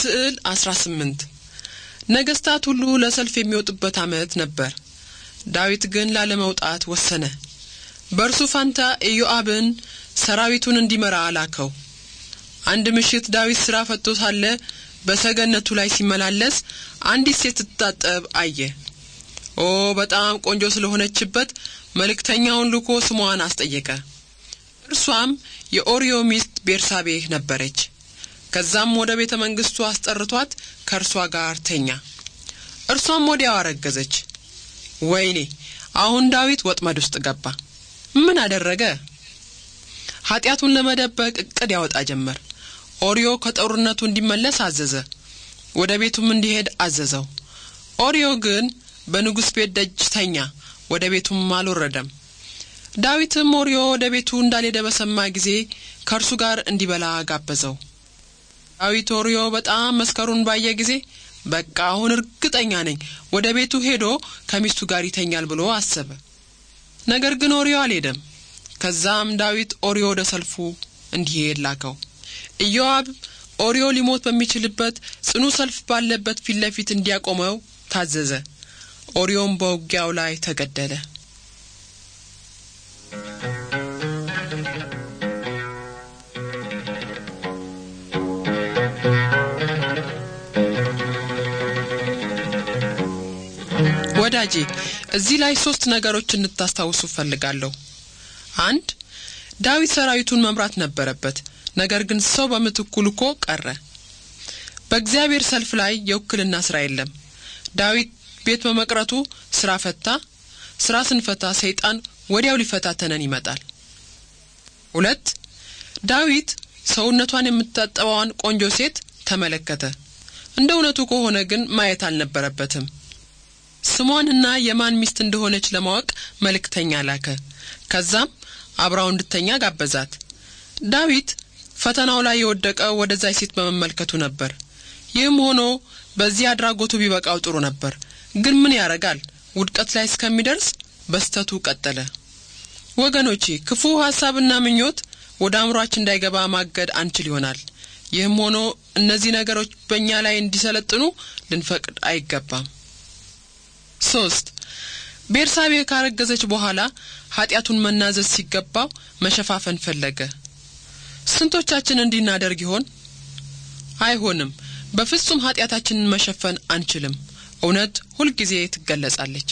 ስዕል 18 ነገስታት ሁሉ ለሰልፍ የሚወጡበት ዓመት ነበር። ዳዊት ግን ላለመውጣት ወሰነ። በእርሱ ፋንታ ኢዮአብን ሰራዊቱን እንዲመራ አላከው። አንድ ምሽት ዳዊት ሥራ ፈቶ ሳለ በሰገነቱ ላይ ሲመላለስ አንዲት ሴት ስትታጠብ አየ። ኦ በጣም ቆንጆ ስለሆነችበት መልእክተኛውን ልኮ ስሟን አስጠየቀ። እርሷም የኦርዮ ሚስት ቤርሳቤህ ነበረች። ከዛም ወደ ቤተ መንግስቱ አስጠርቷት ከእርሷ ጋር ተኛ። እርሷም ወዲያው አረገዘች። ወይኔ አሁን ዳዊት ወጥመድ ውስጥ ገባ። ምን አደረገ? ኃጢአቱን ለመደበቅ እቅድ ያወጣ ጀመር። ኦርዮ ከጦርነቱ እንዲመለስ አዘዘ። ወደ ቤቱም እንዲሄድ አዘዘው። ኦርዮ ግን በንጉሥ ቤት ደጅ ተኛ፣ ወደ ቤቱም አልወረደም። ዳዊትም ኦርዮ ወደ ቤቱ እንዳልሄደ በሰማ ጊዜ ከእርሱ ጋር እንዲበላ ጋበዘው። አዊቶሪዮ በጣም መስከሩን ባየ ጊዜ በቃ አሁን እርግጠኛ ነኝ ወደ ቤቱ ሄዶ ከሚስቱ ጋር ይተኛል ብሎ አሰበ። ነገር ግን ኦሪዮ አልሄደም። ከዛም ዳዊት ኦሪዮ ወደ ሰልፉ እንዲሄድ ላከው። ኢዮአብ ኦሪዮ ሊሞት በሚችልበት ጽኑ ሰልፍ ባለበት ፊት ለፊት እንዲያቆመው ታዘዘ። ኦሪዮም በውጊያው ላይ ተገደለ። ወዳጄ እዚህ ላይ ሶስት ነገሮች እንድታስታውሱ ፈልጋለሁ አንድ ዳዊት ሰራዊቱን መምራት ነበረበት፣ ነገር ግን ሰው በምትኩ ልኮ ቀረ። በእግዚአብሔር ሰልፍ ላይ የውክልና ስራ የለም። ዳዊት ቤት በመቅረቱ ስራ ፈታ። ስራ ስንፈታ ሰይጣን ወዲያው ሊፈታተነን ይመጣል። ሁለት ዳዊት ሰውነቷን የምታጠበዋን ቆንጆ ሴት ተመለከተ። እንደ እውነቱ ከሆነ ግን ማየት አልነበረበትም። ስሟንና የማን ሚስት እንደሆነች ለማወቅ መልእክተኛ ላከ። ከዛም አብራው እንድተኛ ጋበዛት። ዳዊት ፈተናው ላይ የወደቀው ወደዛች ሴት በመመልከቱ ነበር። ይህም ሆኖ በዚህ አድራጎቱ ቢበቃው ጥሩ ነበር። ግን ምን ያረጋል? ውድቀት ላይ እስከሚደርስ በስተቱ ቀጠለ። ወገኖቼ፣ ክፉ ሐሳብና ምኞት ወደ አእምሯችን እንዳይገባ ማገድ አንችል ይሆናል። ይህም ሆኖ እነዚህ ነገሮች በእኛ ላይ እንዲሰለጥኑ ልንፈቅድ አይገባም። ሶስት ቤርሳቤ ካረገዘች በኋላ ኃጢአቱን መናዘዝ ሲገባው መሸፋፈን ፈለገ። ስንቶቻችን እንዲህ እናደርግ ይሆን? አይሆንም። በፍጹም ኃጢአታችንን መሸፈን አንችልም። እውነት ሁልጊዜ ትገለጻለች።